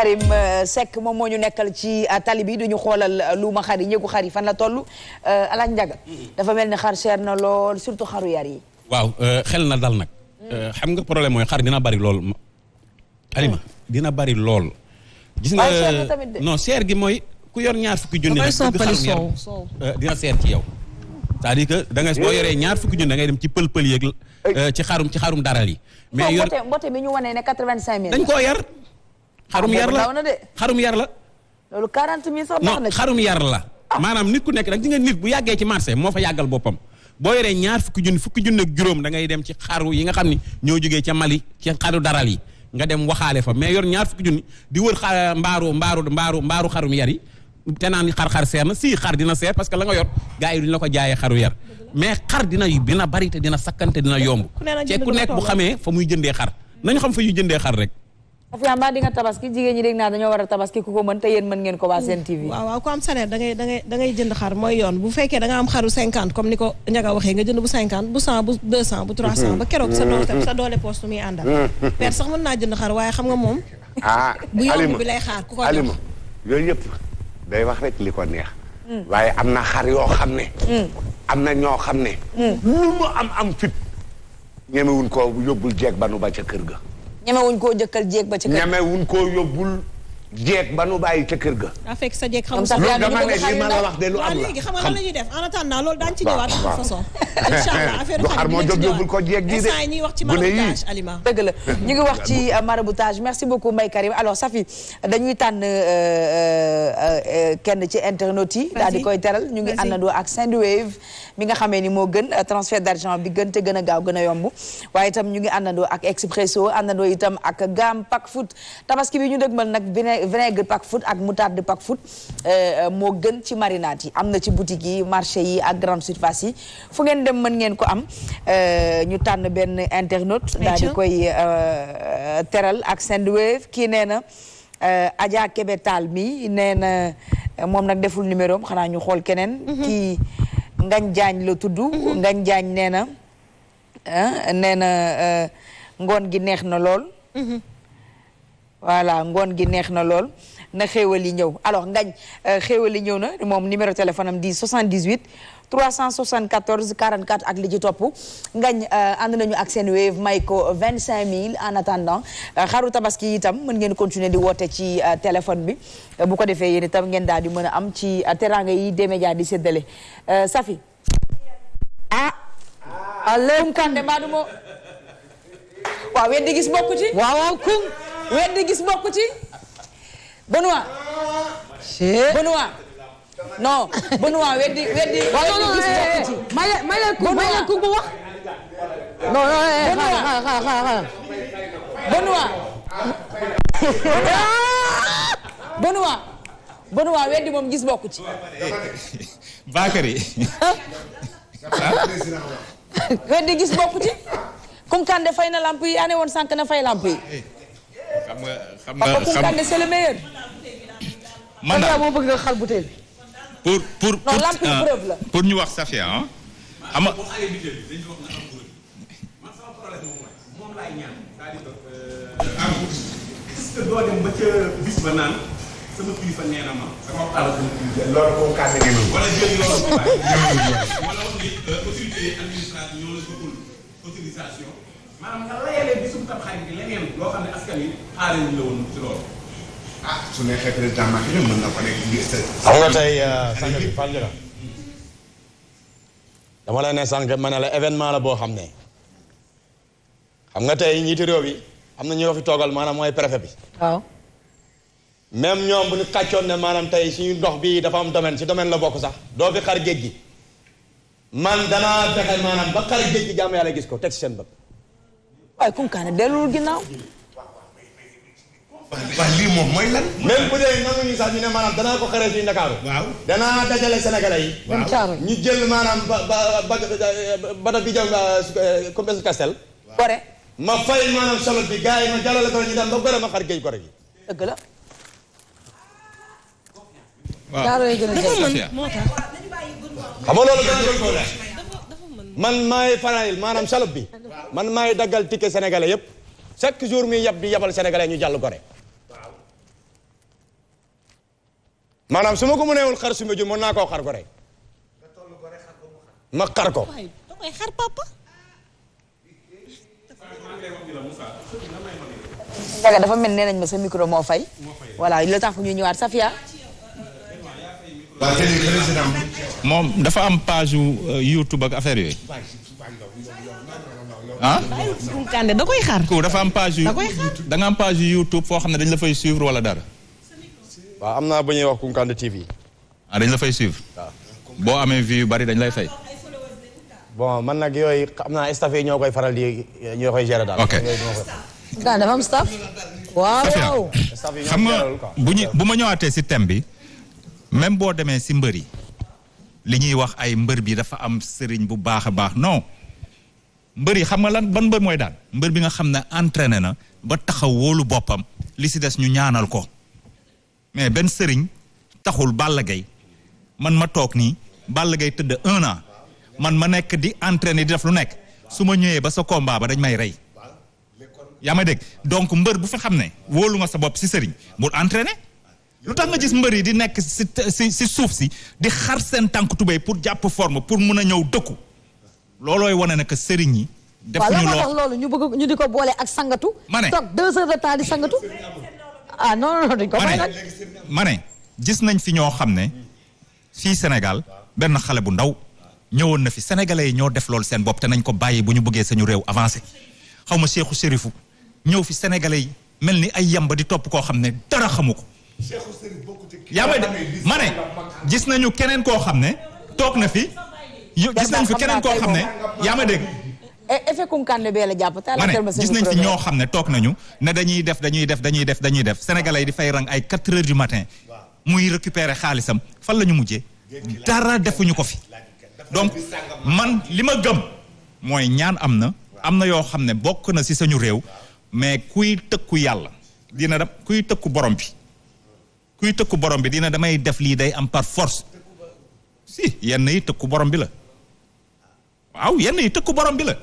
Karim euh, Seck moom moo ñu nekkal ci euh, tali bi duñu xoolal euh, luuma xar yi njëgu xar yi fan la toll alaaj njaga mm-hmm. dafa mel ni xar cher na lool surtout xaru yar waaw xel na dal nag mm-hmm. xam nga problème mooy xar dina bari lool alima mm-hmm. dina bari lool gis nga non seer gi mooy ku yor ñaar fukki junni dina seer ci yow c'est-à-dire que da nga boo yoree ñaar fukki junni da ngay dem ci pël-pël yeeg ci xarum ci xarum daral yi mais yor mbote ñu wanee ne quatre vingt dañ koo yar xarum yar la xarum yar la. loolu 40 000 sax non xarum yar la. Ah. maanaam nit ku nekk rek di nga nit bu yàggee ci marché moo fa yàggal boppam. boo yoree ñaar fukki junni fukki junni ak juróom dangay dem ci xaru yi nga xam ni ñoo jógee ca Mali ci xaru daral yi nga dem waxaale fa mais yor ñaar fukki junni di wër xa mbaaru mbaaru mbaaru mbaaru xarum yar yi te naan xar-xar seer na si xar dina seer parce que la nga yor gars yi duñ la ko jaayee xaru yar mais xar dina dina bari te dina sakkante dina yomb. ku ku nekk bu xamee fa muy jëndee xar nañu xam fa ñuy jëndee xar rek. Safia mbaa di nga tabaski jigéen ñi dégg naa dañoo war a tabaski ku ko mën te yéen mën ngeen ko waa seen TV waaw waaw ku am salaire da ngay da ngay da ngay jënd xar mooy yoon bu fekkee da am xaru 50 comme ni ko Ndiaga waxee nga jënd bu 50 bu 100 bu 200 bu 300 ba keroog sa doole sa doole poste muy àndal père sax mën naa jënd xar waaye xam nga moom ah bu yomb bi lay xaar ku ko alima yooyu yëpp day wax rek li ko neex hmm. waaye am na xar yoo xam ne hmm. am na ñoo xam ne hmm. lu mu am am fit ñemewuñ ko yóbbul jeeg banu ba ca kër ga ñemewuñ koo jëkkal jéeg ba ci kër ñemewuñ koo yóbbul jeeg ba nu ca kër ga. daa fekk sa jeeg ma la wax de lu am la léegi xam nga lan la ñuy def en attendant loolu daan ci ñëwaat de toute façon incha allah affaire xar moo jóg ko jeeg gi de ñuy wax ci maraboutage la ñu ngi wax euh, maraboutage merci beaucoup Mbaye Karim alors Safi dañuy tànn euh, euh, kenn ci internautes yi daal di koy teral ñu ngi àndandoo ak Sendwave mi nga xamee ni moo gën transfert d'argent bi gën te gën gaaw gën yomb waaye itam ñu ngi àndandoo ak Expresso àndandoo itam ak Gam Pack Food tabaski vinaigre pack food ak moutarde pack food euh, moo gën ci marinade yi am na ci boutique yi marché yi ak grande surface yi fu ngeen dem mën ngeen ko am euh, ñu tànn benn internaute daal di koy euh, teral ak sendwave kii nee na Adja Kébé Tall mi nee na moom nag deful numéro am xanaa ñu xool keneen mhm. kii Ngañ Jaañ la tudd mhm. Ngañ Jaañ nee na ah, nee na ngoon gi neex na lool mhm. voilà ngoon gi neex na lool na xéewal yi ñëw alors ngañ euh, xéewal yi ñëw na moom numéro téléphone am di 78 374 44 ak li ci topp ngañ euh, ànd nañu ak seen wave may ko 25000 en attendant euh, xaru tabaski itam mën ngeen continuer di woote ci téléphone bi bu ko defee yéen itam ngeen daal di mën a am ci teraanga yi d di séddale Safi. ah. ah léegi Kande waaw yéen di gis bokku waaw waaw Koungheul. weddi gis bokk ci Benoît. non Benoît weddi weddi. waaw non non gis bokk ci. Eh, eh, eh, ma ye weddi moom gis bokk ci. Bakary. weddi gis bokk ci. Kunkande fay na lamp yi yaa ne woon sànq na fay lamp yi. nga xam nga xam man daal moo bëgg nga xal butéel bi. pour pour pour ah, pour ñu wax Safia ah. xam nga. est-ce que doo dem ba ca bis ba naan sama kilifa nee ma sama waxtaan sama kilifa loolu koo kaase ngeen wala jël yoon wala maanaam nga layalee bisum tam xam ah, na ko nekk nga tey euh, sànq bi fan la dama la ne sànq ma ne la événement la boo xam ne xam nga tey ñiiti réew yi am na ñu fi toogal maanaam mooy préfet bi. waaw. ñoom bu ñu kàccoon ne maanaam tey suñu ndox bi dafa am domaine si domaine la bokk sax doo fi xar géej gi man danaa fexe maanaam ba xar géej gi jàmm yàlla gis ko teg si seen bopp. waaye Koungheul delluwul ginnaaw. waaw lii moom mooy lan. même bu dee nanguñu sax ñu ko xaree fii Ndakaaru. waaw danaa dajale yi. waaw ñu jël maanaam ba ba ba bada bi jaw complexe Castel. waaw ma fay maanaam solo bi gars yi ma jàllale ko ñu dem ba gore ma xar géej gore gi. dëgg la. waaw li ko mën moo tax. xam nga loolu man maay fanaayil maanaam salope bi man maay daggal ticket sénégalais yépp chaque jour muy yab di yabal sénégalais ñu jàll gore maanaam su ma ko mëneewul xar su ma jur mën naa xar gore ma xar ko xar papa Ndiaga dafa mel nee nañ ma sa micro moo fay voilà le fu ñu ñëwaat Safia moom dafa am page euh, YouTube ak affaire yooyu. ah. da koy xaar. ku dafa am page da koy xaar da am page YouTube foo xam ne dañ la fay suivre wala dara. waaw am naa ba ñuy wax Kounkandé TV. ah dañ la fay suivre. boo amee vue yu bari dañ lay fay. bon man nag yooyu xam naa staff yi ñoo koy faral di ñoo koy gérer daal. ok Kounkandé dafa am staff. xam nga bu ñu bu ma ñëwaatee si thème bi même boo demee si mbër yi li ñuy wax ay mbër bi dafa am sëriñ bu baax a baax non mbër yi xam nga lan ban mbër mooy daal mbër bi nga xam ne entraîné na ba taxaw wóolu boppam li si des ñu ñaanal ko mais benn sëriñ taxul Balla Gaye man ma toog nii Balla Gaye tëdd un an man ma nekk di entraîné di def lu nekk su ma ñëwee ba sa combat ba dañ may rey yaa ma dégg donc mbër bu fi xam ne wóolu nga sa bopp si sëriñ bul entraîné lu tax nga gis mbër yi di nekk si si suuf si di xar seen tànk tubéy pour jàpp forme pour mun a ñëw dëkku loolooy wone ne que sëriñ yi. defuñu loo loolu ñu bëgg ñu di ko boole ak sangatu. ma ne toog deux heures de temps di ah, ko may nag ma ne gis nañ fi ñoo xam ne fii Sénégal benn xale bu ndaw ñëwoon na fi sénégalais yi ñoo def loolu seen bopp te nañ ko bàyyi bu ñu bëggee sañu réew avancé xaw ma Cheikhou Chérifou ñëw fi sénégalais yi mel ni ay yamba di topp koo xam ne dara xamu ko. yaa may de ma gis nañu keneen koo xam ne toog na fi gis nañ fi keneen koo xam ne yaa may dégg effet e bee la gis nañ fi ñoo xam ne toog nañu ne dañuy def dañuy def dañuy def dañuy def sénégalais yi di fay rang ay quatre heures du matin muy récupérer xaalisam fan la ñu mujjee dara defuñu ko fi donc man li ma gëm mooy ñaan am na am na yoo xam ne bokk na si sañu réew mais kuy tëkku yàlla dina dem kuy tëkku borom bi kuy tëkk borom bi dina damay def lii day am par force si yenn yi tëkku borom bi la waaw yenn yi tëkku borom bi la